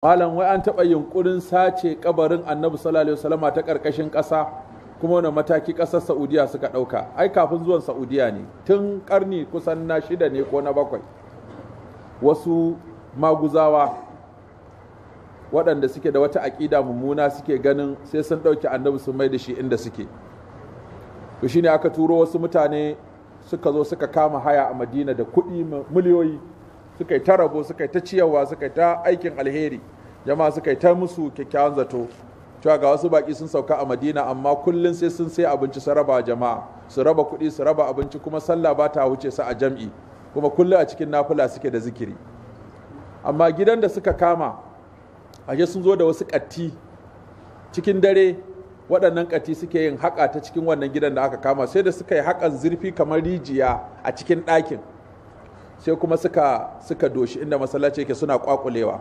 malam wai an taɓa yunkurin sace kabarin annabi sallallahu alaihi wasallama ta ƙarƙashin ƙasa kuma wani mataki ƙasar saudiya suka ɗauka ai kafin zuwan saudiya ne tun ƙarni kusan na shida ne ko na bakwai wasu maguzawa waɗanda suke da wata aƙida mummuna suke ganin sai sun ɗauki annabi sun mai da shi inda suke to shine aka turo wasu mutane suka zo suka kama haya a madina da kuɗi miliyoyi suka yi ta rabo suka yi ta ciyarwa suka yi ta aikin alheri jama'a suka yi ta musu kyakkyawan zato cewa ga wasu baki sun sauka a madina amma kullum sai sun sai abinci su raba jama'a su raba kuɗi su raba abinci kuma sallah ba ta wuce su a jam'i kuma kullum a cikin nafula suke da zikiri amma gidan da suka kama aje sun zo da wasu ƙatti cikin dare waɗannan ƙati suke yin haƙa ta cikin wannan gidan da aka kama sai da suka yi haƙan zurfi kamar rijiya a cikin ɗakin sai kuma suka suka doshi inda masallaci yake suna kwakulewa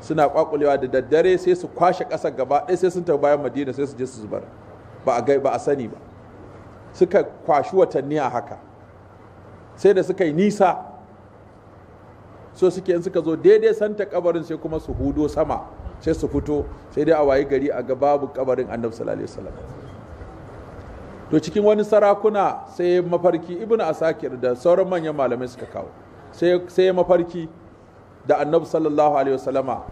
suna kwakulewa da daddare sai su kwashe ƙasar gaba ɗaya sai sun tafi bayan madina sai su je su zubar ba a ba a sani ba suka kwashi watanni a haka sai da suka yi nisa so suke in suka zo daidai santa kabarin sai kuma su hudo sama sai su fito sai dai a wayi gari a ga babu kabarin annabi sallallahu alaihi wasallam to cikin wani sarakuna sai mafarki ibnu asakir da sauran manyan malamai suka kawo sai mafarki da annabi sallallahu alaihi wasallama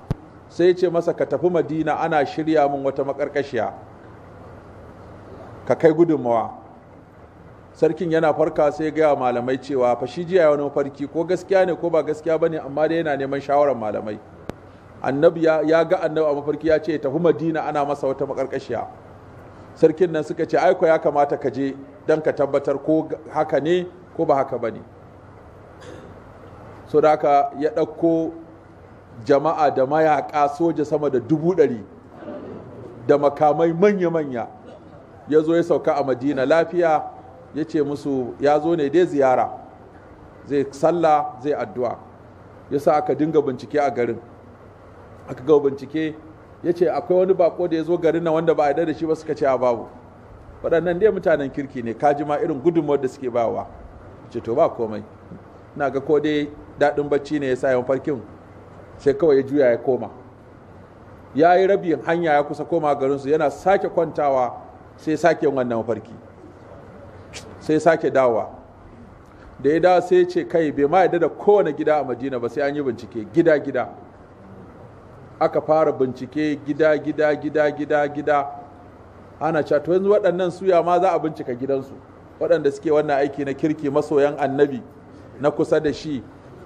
sai ce masa ka tafi madina ana shirya min wata makarkashiya ka kai gudunmawa sarkin yana farka sai gaya malamai cewa fa shi jiya wani mafarki ko gaskiya ne ko ba gaskiya ba ne amma dai yana neman shawarar malamai annabi ya ga annabi a mafarki ya ce tafi madina ana masa wata makarkashiya sarkin nan suka ce aiko ya kamata ka je don ka tabbatar ko haka ne ko ba haka ba ne so da haka ya ɗauko jama'a da mayaƙa soja sama da dubu ɗari da makamai manya-manya ya zo ya sauka a madina lafiya ya ce musu ya zo ne dai ziyara zai sallah zai addu'a ya sa aka dinga bincike a garin aka ga bincike ya ce akwai wani bako da ya zo garin nan wanda ba a da shi ba suka ce a babu waɗannan dai mutanen kirki ne ka ji ma irin gudunmawar da suke bawa ce to ba komai na ga ko dai daɗin bacci ne ya sa yawan farkin sai kawai ya juya ya koma ya yi rabin hanya ya kusa koma garin su yana sake kwantawa sai sake wannan mafarki sai sake dawa. da ya dawo sai ce kai bai ma yadda da kowane gida a madina ba sai an yi bincike gida gida aka fara bincike gida gida gida gida gida ana cewa to yanzu waɗannan suya ma za a bincika gidansu waɗanda suke wannan aiki na kirki masoyan annabi na kusa da shi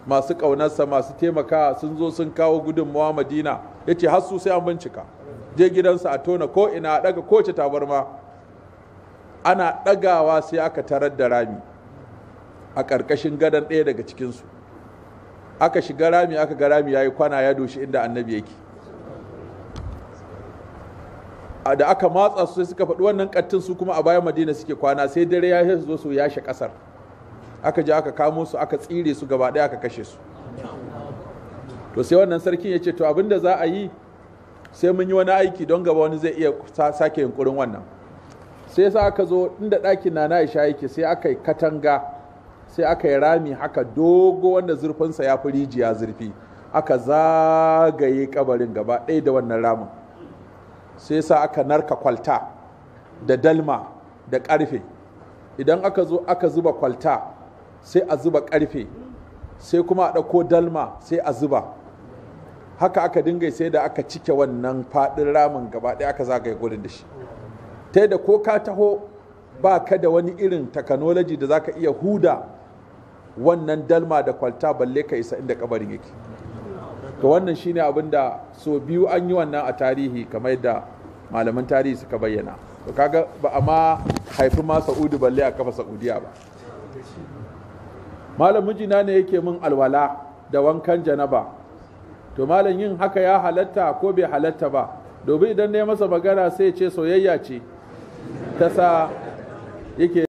masu ƙaunarsa masu taimakawa sun zo sun kawo gudunmawa madina ya ce har sai an bincika je gidansa a tona ko ina a ɗaga kowace tabarma ana ɗagawa sai aka tarar da rami a ƙarƙashin gadon ɗaya daga cikinsu aka shiga rami aka ga rami ya yi kwana ya doshi inda annabi yake da aka matsa su suka faɗi wannan kattin su kuma a bayan madina suke kwana sai dare ya zo su yashe ƙasar aka je aka kamo su aka tsire su gaba ɗaya aka kashe su to sai wannan sarkin ya ce to abinda za a yi sai mun yi wani aiki don gaba wani zai iya sake yunkurin wannan sai sa aka zo inda ɗakin na Aisha yake sai aka yi katanga sai aka yi rami haka dogo wanda zurfinsa ya fi rijiya zurfi aka zagaye kabarin gaba ɗaya da wannan ramin sai sa aka narka kwalta da dalma da ƙarfe idan aka zo aka zuba kwalta sai a zuba ƙarfe sai kuma a ɗauko dalma sai a zuba haka aka dinga sai da aka cike wannan faɗin ramin gaba ɗaya aka zagaye gudun da shi ta da ko ka taho ba ka da wani irin takanoloji da za ka iya huda wannan dalma da kwalta balle ka isa inda kabarin yake to wannan shine abin da so biyu an yi wannan a tarihi kamar yadda malaman tarihi suka bayyana to kaga ba a ma haifi ma sa'udu balle a kafa sa'udiya ba malam mijina ne yake min alwala da wankan janaba to malam yin haka ya halatta ko bai halatta ba domin idan ne masa magana sai ce soyayya ce ta sa yake